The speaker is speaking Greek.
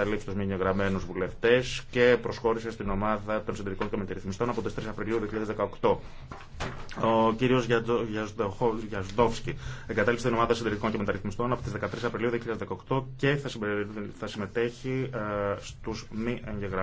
καταλήξει του μηνιαγραμμένου βουλευτέ και προσχώρησε στην ομάδα των συντηρητικών και μετερρυθμιστών από τι 3 Απριλίου 2018. Ο κύριο Γιαζδόφσκι εγκατέλειψε την ομάδα συντηρητικών και μεταρρυθμιστών από τι 13 Απριλίου 2018 και θα, συμμετέχει ε, στου μη εγγεγραμμένου.